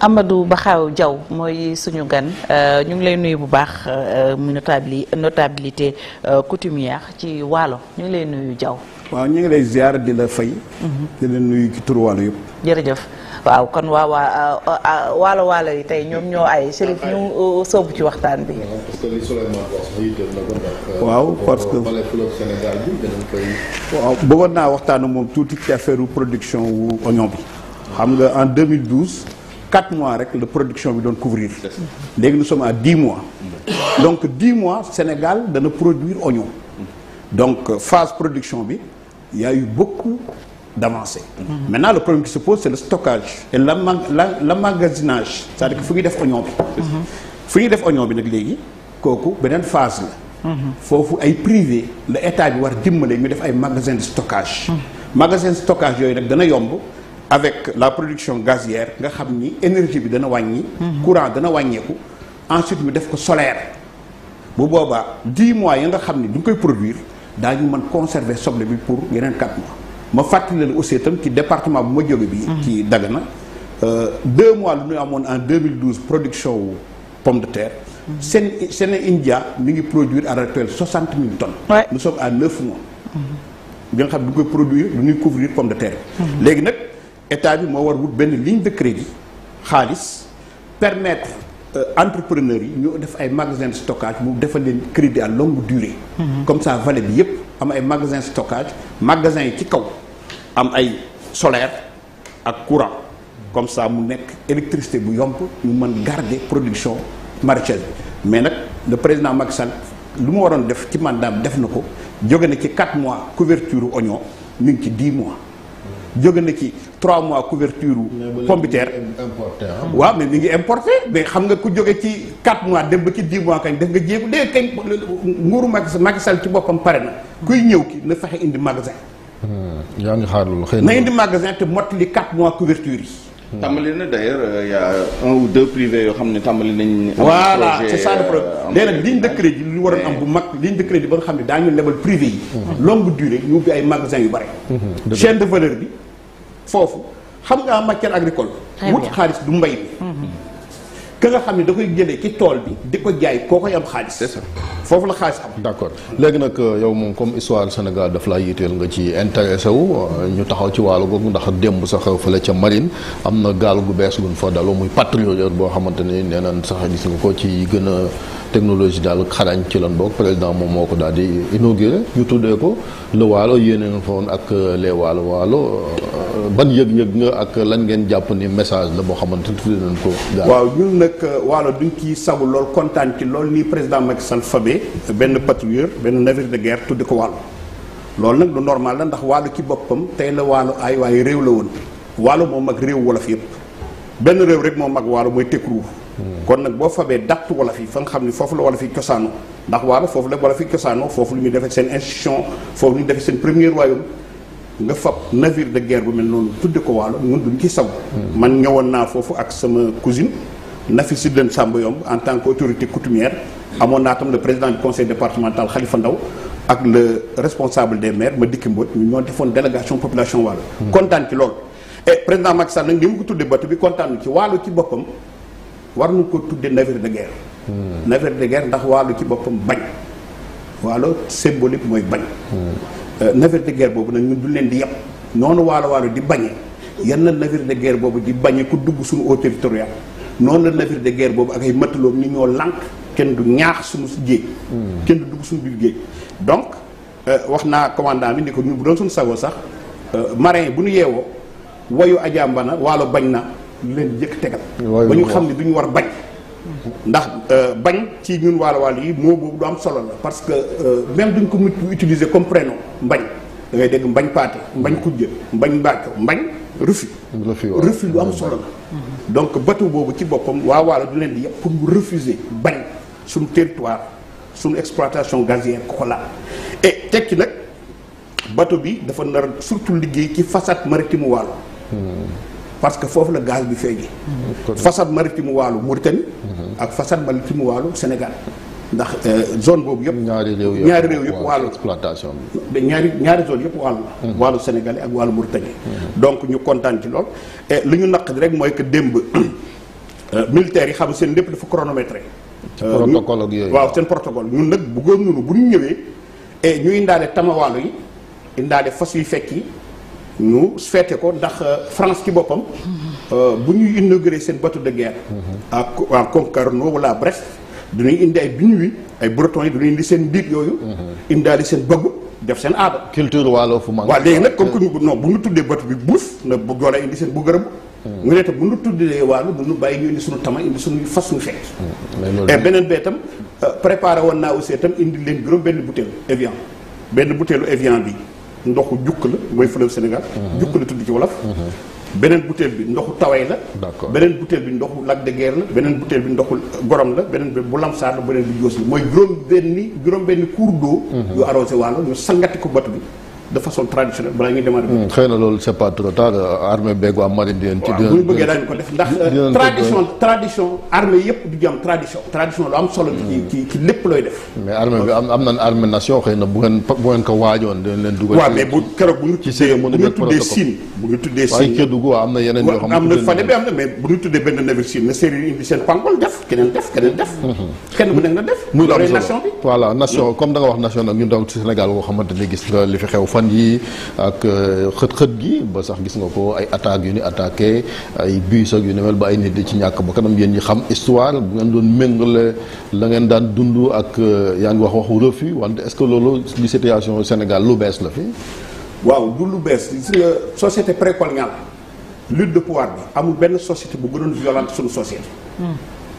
Amadou Baxaw Diaw mooy suñu gan euh, ñu ngi lay nuyu bu baax euh, mu notable notabilité euh, coutumière ci waalo ñu ngi lay nuyu Diaw. waaw ñu ngi lay ziar di la fay. Mhm. di la nuyu ci turu waalo yëpp. jërëjëf. waaw kon waaw waalo waalo yi tey ñoom ñoo ay Chérif ñu ci waxtaan bi. waaw parce que waaw bëggoon naa waxtaan moom tuuti ci affaire production wu oignon bi. xam nga en 2012. 4 mois rek la production bi doon couvrir. léegi nous sommes à 10 mois. donc 10 mois Sénégal dana produire oignon. donc euh, phase production bi y a eu beaucoup d'avancées. maintenant le problème qui se pose c'est le stockage. et l'emmagasinage c'est-à-dire que fu ñuy def oignon bi. fu ñuy def oignon bi nag léegi kooku beneen phase la. foofu ay privé la état bi war dimbale ñu def ay magasin de stockage. magasin de stockage yooyu nag dana yomb. avec la production gazière nga xam ni énergie bi dana wàññi. Mhm. courant dana wàññeeku. ensuite ñu def ko solaire bu boobaa dix mois ya nga xam ni du koy produire daañu man conserver soble bi pour yeneen quatre mois ma fàttali leen aussi itam ci département bu ma jóge bi mhm. ci Dagana euh, deux mois lu ñu amoon en 2012 production wu pomme de terre. Mhm. seen seen India mi ngi produire à l'heure actuelle soixante mille tonnes. nous sommes à neuf mois. bi nga xam du koy produire du ñuy couvrir pomme de terre. léegi nag. état bi moo war wut benn ligne de crédit xaalis permettre euh, entrepreneurs yi ñu def ay magasin stockage mu defal leen crédit à longue durée. Mhm. comme ça vallée bi yépp am ay magasin stockage magasin yi ci kaw am ay solaire ak courant comme ça mu nekk électricité bu yomb ñu mën garder production maraîchère bi mais nag le président Macky Sall lu mu waroon def ci mandat def na ko jóge na ci 4 mois couverture oignon mu ngi ci 10 mois. jóge na ci 3 mois couverture pombiteer waaw mais mi ngi importé mais xam nga ku jóge ci 4 mois dem ba ci 10 mois kañ def nga jéegu léegi kañ nguuru Macky Macky Sall ci boppam pare na kuy ñëw ki na fexe indi magasin hmm, yaa ngi xaar loolu xëy na indi magasin te mottali 4 mois couverture yi hmm. tàmbali na d'ailleurs euh, y a un ou deux privés yoo xam ne tàmbali nañ. voilà c'est ça le problème euh, léegi nag ligne de crédit lu waroon am bu mag ligne de crédit ba nga xam ne daañu lebal privé yi. Hmm. longue durée ñu ubbi yu bare. chaîne de valeur bi. foofu xam nga matière agricole. wut xaalis du mbay bi. ka nga xam ni da koy jëlee ci tool bi di ko jaay koo koy am xaalis. c'est ça foofu la xaalis am. d'accord léegi nag euh, yow moom comme histoire Sénégal daf laa yitteel nga ci intéressé wu euh, ñu taxaw ci wàllu googu ndax démb sax fële ca marine am na gaal gu bees guñ fa daloo muy patrouilleur boo xamante ni nee nañ sax gis nga ko ci gën a. technologie daal xarañ ci lan bokk président moom moo ko daal di inauguré ñu tuddee ko le waalo yéene nga fa ak les waalo waalo euh, ban yëg-yëg nga ak lan ngeen jàpp ni message la boo xamante tuddee nañ ko. waaw ñun nag euh, waalo duñ kiy sagu lool kontaan ci lool nii président Macky Sall fabee benn patrouilleur benn navire de guerre tudde ko waalo loolu nag lu normal la ndax waalo ci boppam tey la waalo ay waaye réew la woon waalo moom mag réew wolof yëpp benn réew rek moom mag waalo mooy Tekruur kon nag boo fabee dàtt wolof yi fa nga xam ne foofu la wolof yi cosaanu ndax waalo foofu la wolof yi cosaanu foofu lu ñuy defee seen institution foofu lu ñuy defee seen premier royaume nga fab navire de guerre bu mel noonu tuddee ko waalo ñun duñ ci saw hmm. man ñëwoon naa foofu ak sama cousine Nafi Sidlen Samba Yom en tant que autorité coutumière amoon naa tam le président du conseil départemental Khalifa Ndaw ak le responsable des maires ma dikki Mbodj ñu ñoo defoon délégation population waalo hmm. kontaan ci loolu et eh, président Macky Sall mu ko tudde bato bi kontaan ci waalo ci boppam war nu ko tuddee navire de guerre hmm. navire de guerre ndax waalo ci boppam bañ waalo symbolique mooy bañ hmm. euh, navire de guerre boobu nag ñun du leen di yàpp noonu waalo waalo di bañee yan na navire de guerre boobu di bañee ku dugg suñu eau territorial noonu la navire de guerre boobu ak ay mataloom ni ñoo lànk kenn du ñaax suñu géej hmm. kenn du dugg suñu géej donc euh, wax naa commandant bi ni ko ñun bu doon suñu sago sax euh, marin bu ñu yeewoo wayu ajaambana waalo bañ na lu leen yëkk tegal ba ñu xam ne du ñu war bañ ndax euh, bañ ci ñun waalo waalo yi moo boobu du am solo la parce que euh, même duñ ko mu utiliser comme mbañ da ngay dégg mbañ paate mbañ mm. kujje mbañ mbàcco mbañ refi refi lu am solo la mm-hmm. donc bateau boobu ci boppam waa waalo du leen di yëpp pour ñu refuser bañ suñu territoire suñu exploitation gazière ko ko laal et tekki nag bateau bi dafa nar surtout liggéey ci façade maritime waalo parce que foofu la gaz bi feeñee. façade maritime waalu Mauritanie. Mhm. ak façade maritime waalu senegal ndax euh, zone boobu yëpp. ñaari réew yëpp ñaari réew yëpp waalu exploitation ñaari ñaari zone yëpp waalu la. Mhm. waalu ak waalu Mauritanie. Mhm. donc ñu kontaan ci lool et li ñu naq rek mooy que démb euh, militaires yi xam seen lépp dafa chronométré. Euh, protocole yooyu waaw seen protocole ñun nag bëggoon nañu bu ñu ñëwee. et ñuy indaale tamawaalu yi indaale fas yu fekk yi. ñu feete ko ndax euh, France ci boppam mhm. euh, bu ñuy inauguré seen bateau de guerre mhm. à à Concarneau wala Brest dañuy indi ay binuwi ay breton yi dañuy indi seen ndiig yooyu indi mhm. indaali seen bëgg def seen aada culture waalo fu mag waaw léegi nag comme que ñu non bu ñu tuddee bateau bi buus na bu joolee indi seen bu gërëbu ñu ne bu ñu tuddee waalo du ñu bàyyi ñu indi suñu tama indi suñu fas ñu fekk et beneen bee itam euh, préparé woon naa aussi itam indi leen juróom benn bouteille Evian benn bouteille Evian bi ndoxu jukk la mooy fleuve Sénégal. Mhm. jukk la tudd ci wolof. Mhm. beneen butéel bi ndoxu taway la. beneen butéel bi ndoxu lac de guerre la. beneen butéel bi ndoxu gorom la beneen bi bu lamsaar la beneen bi joos la mooy juróom-benni juróom-benni cours d'eau. Mhm. yu arrosé waalo ñu sangati ko batu bi. de façon traditionnelle balaa ñuy démarrer. Hmm, xëy na loolu c'est pas trop tard ko am tradition. Hmm. ci lépp looy def. mais armée bi am xëy na bu ngeen bu ngeen ko waajoon am na yeneen yoo xam. am na fane bi am na mais bu ñu tuddee benn navire Sine na séeréer indi seen pangol def keneen def hmm. kenn bu nekk na def. muy solo nation comme da wax nation nag ñu daw ci Sénégal boo xamante ni gis nga li fi xew fan yi euh, gi ba sax gis nga ko ay attaques yu ni attaqué ay bus ak yu ni mel ba ay nit di ci ñàkk ba kanam yéen ñi xam histoire bu ngeen doon méngale la ngeen daan dund ak euh, yaa ngi wax waxu refus wante est-ce que loolu li situation Sénégal lu bees la fi. waaw du lu bees gis nga société précoloniale lutte de pouvoir bi amul benn société bu gënoon violente suñu société. Hmm.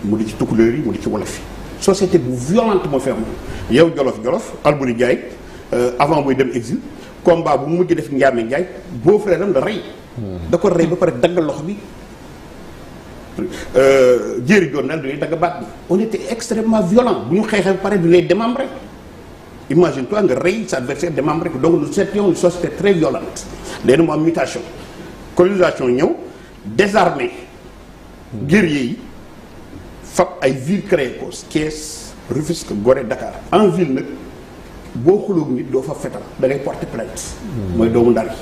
mu di ci tukulóor yi mu di ci wolof yi. société bu violente moo fi am yow jolof jolof Alboury Ndiaye euh, avant combat bu mujj def Ndiamé Ndiaye boo frère am da rey. da ko rey ba pare dagg loxo bi. Euh, jéeri joon naan du ñuy dagg baat bi on était extrêmement violent bu ñu xeexee ba pare du ñuy démembré imagine toi nga rey sa adversaire démembré ko donc nous étions une société très violente léegi mu am mutation colonisation ñëw désarmé guerrier yi fab ay ville créé ko Thiès Rufisque Gorée Dakar en nag boo xuloog nit doo fa fetal da ngay porter plainte mooy doomu ndar yi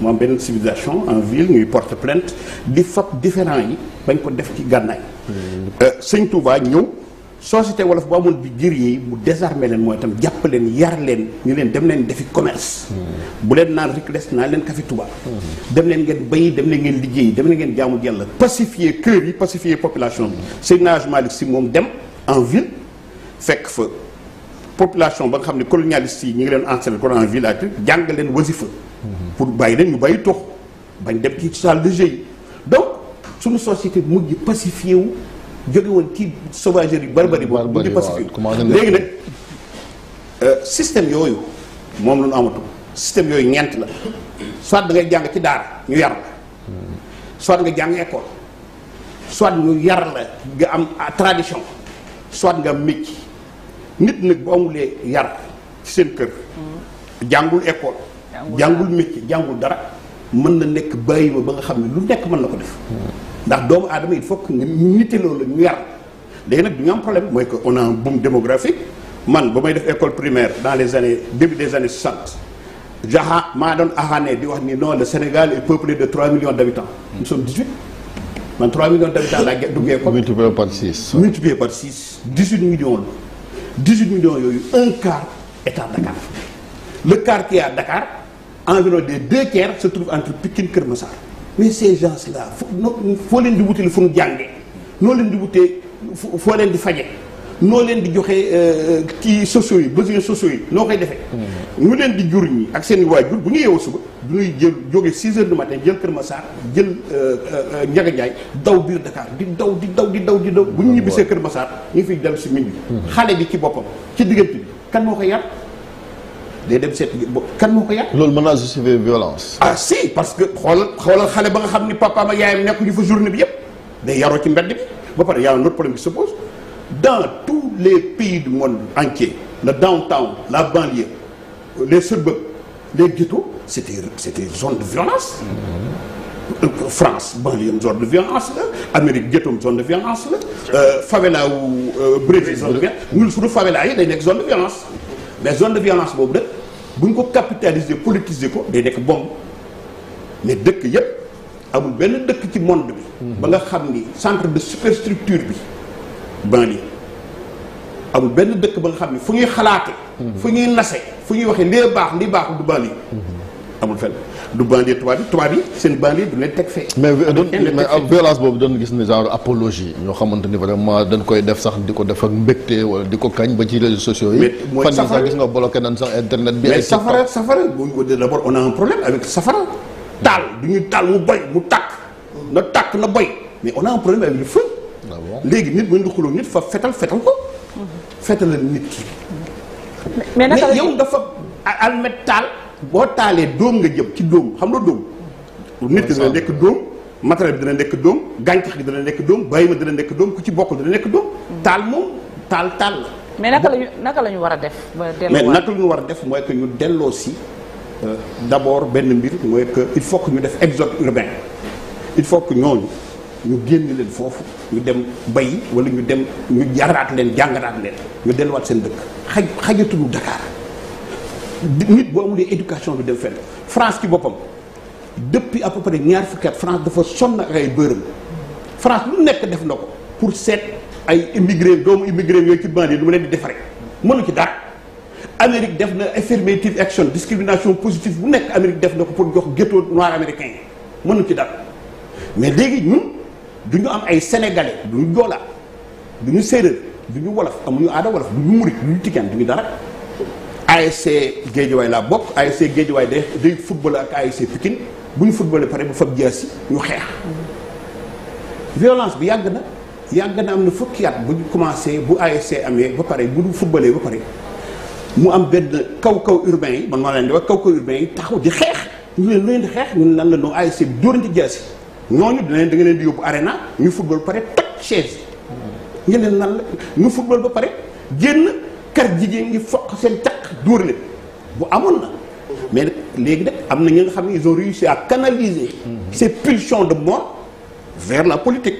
moom benn civilisation en ville ñuy porter plainte di fab différent yi bañ ko def ci gànnaay hmm. euh, sëñ Touba ñëw société wolof bu amoon bi jër yi mu désarmé leen mooy itam jàpp leen yar leen ñu leen dem leen defi commerce hmm. bu leen naan rek des naa leen kafe tubaab hmm. dem leen ngeen bay dem leen ngeen liggéey dem leen ngeen jaamu Yàlla pacifier kër yi pacifier population bi Seydina Malick Sy moom dem en ville fekk fa population ba nga xam ne colonialiste yi ñu ngi leen enseigné Coran village jàng leen wasifa pour bàyyi leen ñu bàyyi tox bañ dem ci salle de jeu yi donc suñu société mujj pacifié wu jóge woon ci sauvagerie barbarie boobu mujj pacifié wu léegi nag euh, système yooyu moom la ñu amatu système yooyu ñeent la soit da jàng ci daara ñu yar la soit nga jàng école soit ñu yar la nga am tradition soit nga am métier nit nag bu amulee yar ci seen kër. jàngul école. jàngul métier jàngul dara. mën na nekk bàyyi ba ba nga xam ne lu nekk mën na ko def. ndax doomu aadama il faut que nga nite loolu ñu yar. léegi nag du ñu am problème mooy que on a boom démographique man ba may def école primaire dans les années début des années 60 jaxa maa doon axaanee di wax ni non le Sénégal est peuplé de 3 millions d' habitants. nous sommes man 3 millions d' laa 18 millions yooyu un quart est Dakar le quart qui est à Dakar environ des deux tiers se trouve entre Pikine Kër Massar mais ces gens là foo leen di wutale fu mu jànge noo leen di wutee foo leen di faje noo leen di joxe euh, euh, kii sociaux yi besoins sociaux yi noo koy defee. Hmm. ñu leen di jur ñi ak seen i waajur bu ñu yeewoo suba. ñuy jël jóge 6 heures du matin jël Kër Massar jël euh, euh, Ndiaga Ndiaye daw biir Dakar di daw di daw di daw di daw bu ñu ñibbisee Kër Massar ñu ngi fiy dellu si bi xale bi ci boppam ci diggante bi kan moo ko yar day dem seet kan moo ko yar loolu mën naa justifier violence ah si parce que xoolal xoolal xale ba nga xam ni papaam ak yaayam nekkuñu fa journée bi yëpp day yaroo ci mbedd bi ba pare yàlla notre problème qui se dans tous les pays du monde entier le downtown la banlieue les suburbs les ghettos c'était c'était zone de violence euh, France banlieue zone de violence la Amérique ghettoom zone de violence la euh, favela wu euh, Brésil zone de violence ñun suñu favela yi day nekk zone de violence mais zone de violence boobu nag bu ñu ko capitaliser politiser ko day nekk bombe mais dëkk yëpp amul benn dëkk ci monde bi ba nga xam ni centre de superstructure bi banlieue amul benn dëkk ba nga xam ni fu ñuy xalaate fu ñuy nase fu ñuy waxee lee baax li baaxul du banlieue amul fenn du banlieue tubaab bi tubaab yi seen banlieue du leen teg fee. mais violence boobu doon gis ne genre apologie ñoo xamante ni vraiment dañ koy def sax di ko def ak mbégte wala di ko kañ ba ci réseaux sociaux yi. mooy safara fan gis nga bloqué nañ sax internet bi. ay safara safara bu ñu ko d' abord on a un problème avec safara. taal du ñuy taal mu boy mu tàkk. na tàkk na boy mais on a un problème avec le ah léegi nit mën nga xuloo nit fa fetal fetal ko. Mhm. fetalal nit ki. mais taal. boo taalee dóom nga jëm ci dóom xam nga dóom nit ki dina nekk dóom matériel bi dina nekk dóom gàncax gi dina nekk dóom bàyyi ma dina nekk dóom ku ci bokkul dana nekk dóom taal moom taal taal la mais naka lañu la ñu war a def mais naka la ñu war a def mooy que ñu delloo si euh, d'abord benn mbir mooy que il faut que ñu def exode urbain il faut que ñooñu ñu génn leen foofu ñu dem bay wala ñu dem ñu jaraat leen jàngaraat leen ñu delluwaat seen dëkk xaj xajatul Dakar nit boo amulee éducation bi dem fenn France ci boppam depuis à peu ñaar fukki at France dafa sonn ak ay bërëm France lu nekk def na ko pour seet ay immigré doomu immigré yooyu ci bandi lu mu leen di defaree mënu ci dara Amérique def na affirmative action discrimination positive bu nekk Amérique def na ko pour jox ghetto noir américain yi mënu ci dara mais léegi ñun du ñu am ay sénégalais du ñu joolaa du ñu séeréer du ñu wolof amuñu aada wolof du ñu murit du ñu tigaan dara. ASC Géejawaay laa bokk ASC Géejawaay day day football ak ASC Pikine bu ñu footballee pare bu fab jaasi ñu xeex. violence bi yàgg na yàgg na am na fukki bu ñu commencé bu ASC amee ba pare bu ñu footballee ba pare mu am benn kaw kaw urbain yi man maa leen di wax kaw kaw urbain yi taxaw di xeex ñu leen leen di xeex ñun lan la noo ASC bi dóorante jaasi ñooñu dinañ da nga leen di yóbbu arena ñu football ba pare toj chaise. ñu leen lan la ñu football ba pare génn. kar jigéen ngi foq seen caq door leen bu amoon na mais léegi nag am na ñi nga xam ne ils ont réussi à canaliser hmm. ces pulsions de mort vers la politique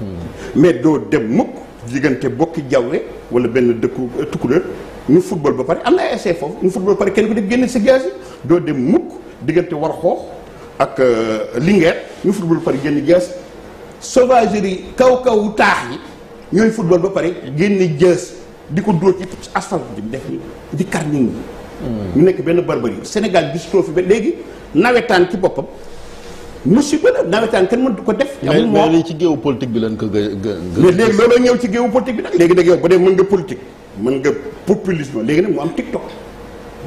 hmm. mais doo dem mukk diggante bokki jawwe wala benn dëkku tukkuleur ñu football ba pare am na ay essai foofu ñu football ba pare kenn ko def génne si gaz yi doo dem mukk diggante war xoox ak euh, Linguère ñu football ba pare génn gaz sauvagerie kaw kaw wu taax yi ñooy football ba pare génn gaz di ko dóor ci asphalte di def ni di kar nit ñi hmm. ñu nekk benn barbarie Sénégal gisutoo fi ba léegi nawetaan ci boppam mu musiba la nawetaan kenn mënut ko def. amul moo mais ci géewu politique bi lañ ko gë mais léegi loolu ñëw ci géewu politique léegi nag yow bu dee mën nga politique mën nga populisme léegi nag mu am TikTok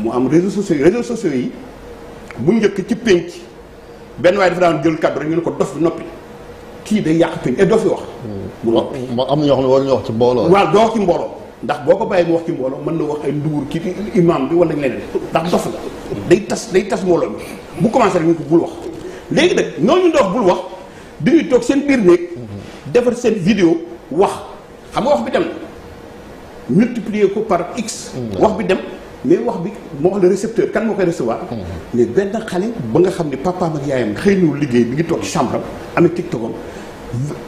mu am réseaux sociaux réseaux sociaux yi bu njëkk ci pénc benn waaye dafa daan jël kaddu rek ñu ne ko dof bi noppi kii day yàq pénc et eh, dof fi wax. Hmm. mu noppi am na ñoo xam ne war nañoo wax ci mbooloo. waaw doo wax ci mbooloo. ndax boo ko bàyyi mu wax ci mbooloo mën na wax ay ndugur kii imam bi wala leneen ndax dof la day tas day tas mbooloo bi bu commencé rek ñu bul wax léegi nag ñooñu ndox bul wax dañuy toog seen biir néeg defar seen vidéo wax xam nga wax bi dem na multiplier ko par x mm. wax bi dem mais wax bi moo wax le récepteur kan moo koy recevoir mm. mais benn xale ba nga xam ne papaam ak yaayam xëy ñëw liggéey bi ngi toog ci chambre am amee tiktokam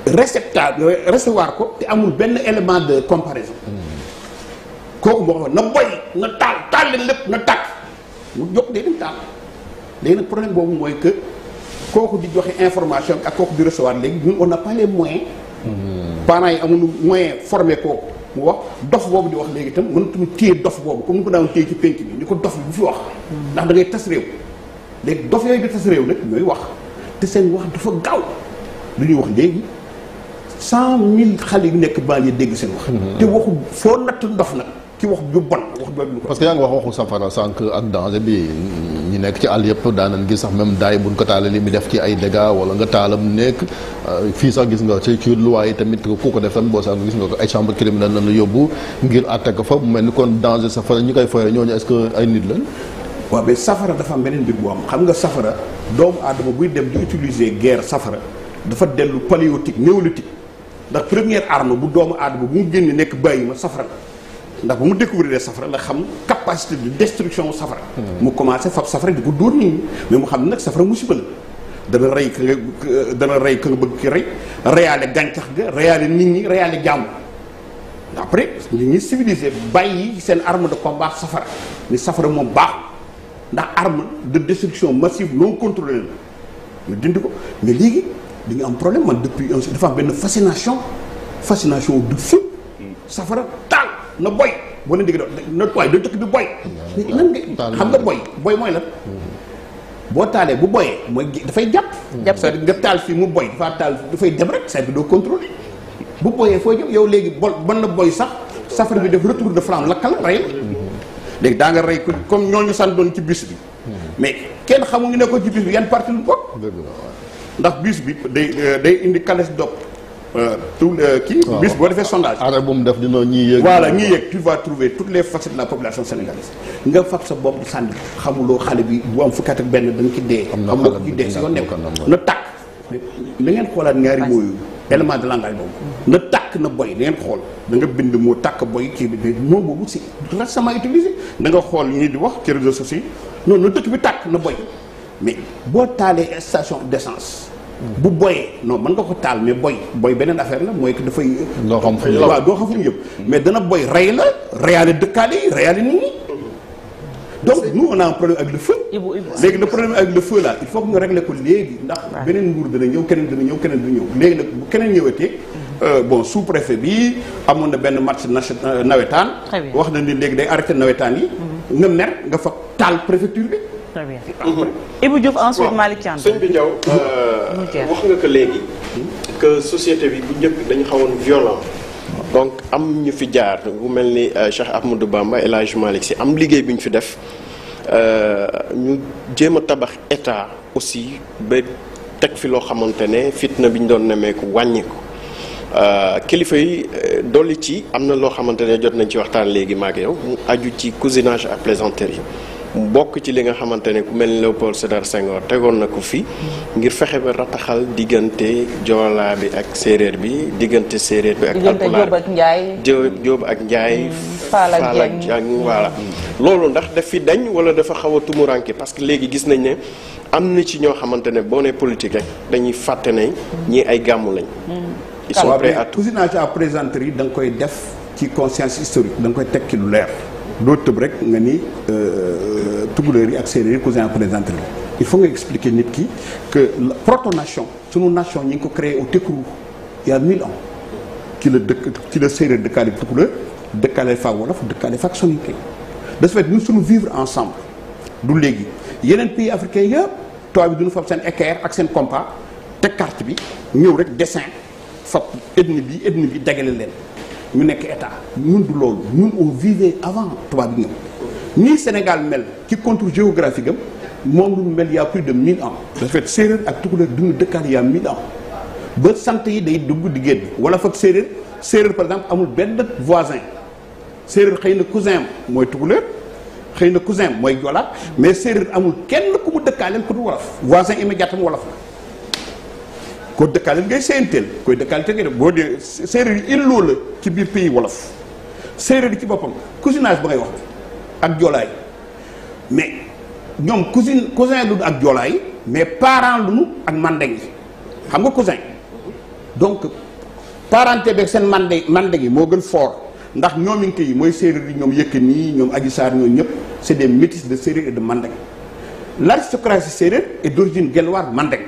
récepta recevoir ko te amul benn élément de comparaison mm. kooku moo xam na boy na taal taal leen lépp na takk mu jox day dem taal léegi nag problème boobu mooy que kooku di joxe information ak kooku di recevoir léegi ñun on n'a pas les moyens. yi amuñu moyen formé kooku mu wax dof boobu di wax léegi itam mënatuñu téye dof boobu comme ni ko daan téye ci penc bi ñu ko dof bi bu fi wax. ndax da ngay tas réew. léegi dof bi di tas réew nag ñooy wax te seen wax dafa gaaw lu ñuy wax léegi. cent mille xale yu nekk banlieue dégg seen wax. Mm-hmm. te waxu foo natt ndof ci wax ju bon wax jooju. parce que yaa ngi wax waxu safara sànq ak danger bi ñu nekk ci àll yëpp daanañ gis sax même daay buñ ko taalee li mi def ci ay dégâts wala nga taal taalam nekk euh, fii sax gis nga ci ci loi yi tamit ku ko def tamit boo sax gis nga ko ay chambre criminelle lañ la yóbbu ngir àtte ko fa mu mel ni kon danger safara ñi koy foyee ñooñu est que ay nit la waaw mais safara dafa am beneen mbir bu am xam nga safara doomu aadama buy dem di utiliser safara dafa dellu paléolithique néolithique ndax première arme bu doomu aadama bu mu nekk bàyyi ma safara ndax ba mu découvrir safara la xam capacité de destruction safara mu commencé fab safara di ko dóor nit ñi mais mu xam ne nag safara musiba la dana rey ka nga rey ka nga bëgg ki rey reyaale gàncax ga reyaale nit ñi reyaale jàmm après nit ñi civilisé bàyyi seen arme de combat safara ni safara moom baax ndax arme de destruction massive non contrôlée la ñu dindi ko mais léegi di nga am problème man depuis dafa am benn fascination fascination du feu safara na boy boo leen déggee na tooy da dëkk bi boy lan nga xam nga boy boy mooy lan mm-hmm. boo taalee bu boyee mooy dafay jàpp mm-hmm. c'est-à-dire nga taal fii mu boy dafaa taal dafay dem rek c'est-à-dire doo contrôler bu boyee foo jëm yow léegi bol mën na boy sax safara bi def retour de flamme lakka la rey la mm-hmm. léegi daa nga rey ko comme ñooñu san doon ci biis bi mais kenn xamuñu ne ko ci bis bi yan parti lu bokk ndax biis bi day euh, day indi kanes dopp Euh, tout euh, kii ah, bis boo defee ah, sondage arrêt bu mu def dina ñii yëg voilà ñii yëg tu vas trouver toutes les facettes de la population sénégalaise nga fab sa bopp sànni xamuloo xale bi bu am fukki ak benn da nga ci dee xamuloo ko ci dee si yoon nekk na tàkk na ngeen xoolaat ñaari mooyu élément de langage boobu na tàkk na boy da ngeen xool na nga bind moo tàkk boy kii bi moo boobu si récemment utilisé da nga xool nii di wax ci réseaux sociaux non na dëkk bi tàkk na boy mais boo taalee station d'essence bu boyee non mën nga ko taal mais boy boy beneen affaire la mooy que dafay. doo xam fu waaw doo xam fu mais dana boy rey la reyaale dëkkaale yi reyaale nit ñi donc nous on a un problème avec le feu. léegi na problème avec le feu là il faut que ñu régler ko léegi ndax. beneen nguur dana ñëw keneen dana ñëw keneen bu ñëw léegi nag bu keneen ñëwatee. Euh, bon sous préfet bi amoon na benn match euh, nawetaan. wax na ni léegi day arrêté nawetaan yi. Mm-hmm. nga mer nga fa taal préfecture bi. très bien mhm. Ibou Diouf ensuite Malick Thiam. bi Diaw euh, wax nga ko léegi que société bi bu njëkk dañu xawoon violent donc am ñu fi jaar bu mel ni euh, Cheikh Ahmadou Bamba El Hadj Malick Sy am liggéey bi ñu fi def euh, ñu jéem a tabax état aussi ba teg fi loo xamante ne fitna bi ñu doon nemmeeku wàññi ko kilifa yi dolli ci am na loo xamante ne jot nañ ci waxtaan léegi maag yow mu aju ci cousinage ak yi bokk ci li nga xamante ne ku mel ni Léopold Sédar Senghor tegoon na ko fi ngir fexe ba rataxal diggante joolaa bi ak séeréer bi diggante séeréer bi ak alpulaar bi jóob ak njaay faal ak jàng mm, voilà loolu ndax daf fi dañ wala dafa xaw a tumuranke parce que léegi gis nañ ne am na ci ñoo xamante ne boo ne politique rek dañuy fàtte ne ñii ay gàmmu lañ ils sont à tout cousinage à plaisanterie da nga koy def ci conscience historique da nga koy teg ci lu leer doo tëb rek nga ni euh, tukulóor yi ak séeréer yi cousin présenté la il faut nga expliquer nit ki que protonation sunu nation ñi ngi ko créé au Tékourou il y a mille ans ci la dëkk ci la séeréer dëkkaale tukulóor dëkkaale faak wolof dëkkaale faak soninke de ce fait ñun suñu vivre ensemble du léegi yeneen pays africain yëpp tubaab bi duñu fab seen équerre ak seen compas te carte bi ñëw rek dessin fab ethnie bi ethnie bi dagale leen ñu nekk état ñun du loolu ñun on vivait avant tubaab bi ñëw nii Sénégal mel ci contour géographique am moom lu mel y plus de 1000 ans. de fait séeréer ak tukulóor dund dëkkaan y a 1000 ans ba sant yi day dugg di génn wala fa séeréer séeréer par exemple amul benn voisin séeréer xëy na cousin mooy tukulóor xëy na cousin mooy jolaat mais séeréer amul kenn ku mu dëkkaaleel ku du wolof voisin immédiatement wolof la. koo dëkkaale ngay séenteel koy dëkkaale te ngay def boo dee séeréer yi illoo la ci biir pays wolof séeréer yi ci boppam cousinage ba ngay wax ak joolaay mais ñoom cousin cousin lu ak joolaay mais parent lu nu ak mandeng yi xam nga cousin donc parenté beeg seen mande mandeng yi moo gën fort ndax ñoominke yi mooy séeréer yi ñoom Yékini ñoom Adji Sarr ñoom ñëpp c'est des métis de séeréer et de mandeng l'aristocratie séeréer est d'origine gelwaar mandeng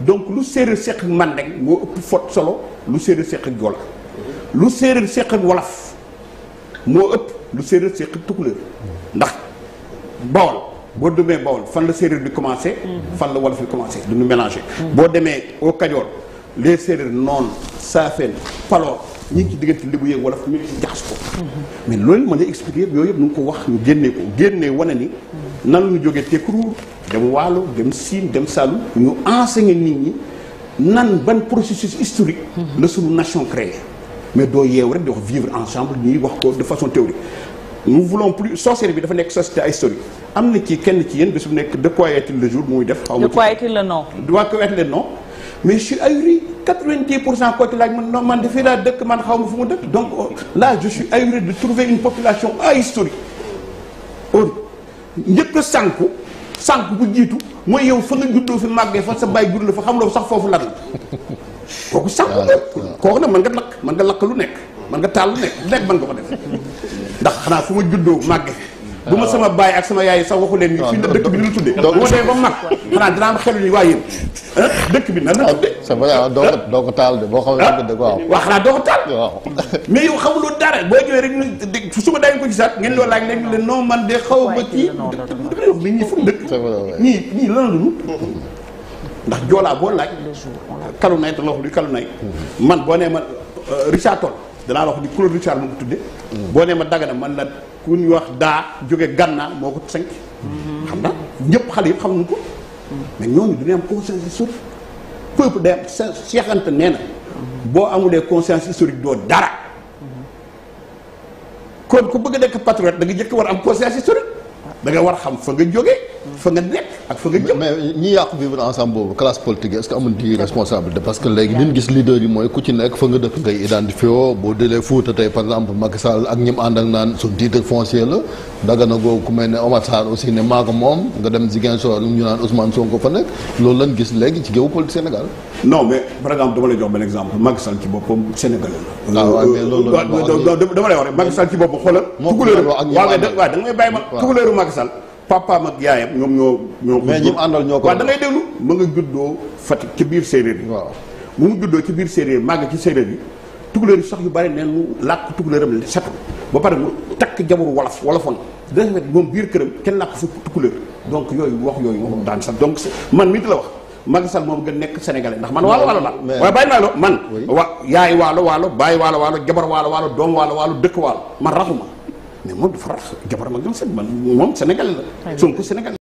donc lu séeréer seq ak man rek moo ëpp fot solo lu séeréer seq ak jola lu séeréer seq ak moo ëpp lu séeréer seq ak ndax bawol boo demee bawol fan la séeréer bi commencé mhm. fan la wolof bi commencé du ñu mélangé mhm. boo demee au Kajoor les séeréer noonu saafeen paloor ñu ngi ci diggante libu yeeg wolof ñu ngi ci jaxas ko mhm. mais loolu mën a expliquer yooyu yëpp nu ngi ko wax ñu génnee ko génnee wane ni nan lu ñu jógee te kuruur dem Waalo dem Siin dem Saalum ñu enseigner nit ñi nan ban processus historique mhm. la suñu nation créée mais doo yeew rek di wax vivre ensemble ñuy wax ko de façon théorique nous voulons plus société bi dafa nekk société historique am na ci kenn ci yéen bés bu nekk de quoi est-il le jour muy def xaw ma de quoi est-il le nom de quoi est-il laaj man non man dafay laa dëkk man xaw ma fu mu dëkk donc oh, là je a ahuri de trouver une population ahistorique on njëkk a sànku sànq bu jiitu mooy yow fa nga juddoo fi màggee fa sa bàyyi jur la fa xamuloo sax foofu lan la kooku sànq la kooku ne man nga lakk man nga lakk lu nekk mën nga taal lu nekk lu nekk mën nga ko def ndax xanaa fu ma juddoo màggee bu ma sama baay ak sama yaay sax waxu leen ah, fii na dëkk bi ni lu tudde bu ma ba mag xanaa dinaa am xelu ni waa ah, dëkk bi nan la tudde sa vrai ah, doo ko doo ko taal de boo xamee dëgg dëgg waaw waaw xanaa doo ko taal waaw mais yow xamuloo dara boo ñëwee rek suba dañ ko gisaat ngeen doo laaj leen leen non man de xaw ba kii mais ñii fu dëkk ñii ñii lan la ndax joolaa boo laaj kalu nay te loxo du kalu nay man boo nee ma euh, Richard danaa la wax ni Claude Richard moo ko tudde boo nee ma Dagana man la ku ñuy wax daa jóge Gànnaar moo ko senk xam na ñëpp xale yëpp xam nañ ko mais ñooñu du ñu am conscience historique peuple day am Cheikh nee na boo amulee conscience historique doo dara kon ku bëgg a nekk patriote da jëkk war am conscience historique da nga war xam fa nga jógee fa nga nekk ak fa nga jëm. mais ñi yàqu vivre ensemble boobu classe politique est-ce que amuñu ci responsabilité parce que léegi li ñu gis leader yi mooy ku ci nekk fa nga dëkk ngay identifié woo boo dëlee Fuuta tey par exemple Macky ak ñim ànd ak naan suñu titre foncier la Dagana googu ku mel ne Omar Sarr aussi ne maa moom nga dem Ziguinchor ñu naan Ousmane Sonko fa nekk loolu lañ gis léegi ci géopolitique Sénégal. non mais par exemple papaam ak yaayam ñoom ñoo. ñoo ko mais àndal ñoo ko. waaw da ngay déglu ma nga juddoo Fatick ci biir séeréer yi. waaw bu mu juddoo ci biir séeréer màgg ci séeréer yi. tukulóor yi sax yu bari neen mu làkk tukulóoram setu ba pare mu takk jabaru wolof wolofoon dina moom biir këram kenn làkk fa tukulóor donc yooyu wax yooyu waxu daan sax donc man mii di la wax Macky Sall moom gën nekk sénégalais ndax man waalo waalo la waaye bàyyi naa la man wa yaay waalo waalo bàyyi waalo waalo jabar waalo waalo doom waalo waalo dëkk waalo man raxuma mais moom dafa rax jabaram ak ñoom seen man moom Sénégal la Sonko Sénégal